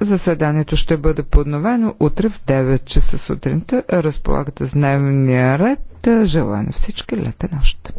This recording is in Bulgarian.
Заседанието ще бъде подновено утре в 9 часа сутринта. Разполагате с дневния ред. Желая на всички лета нощ.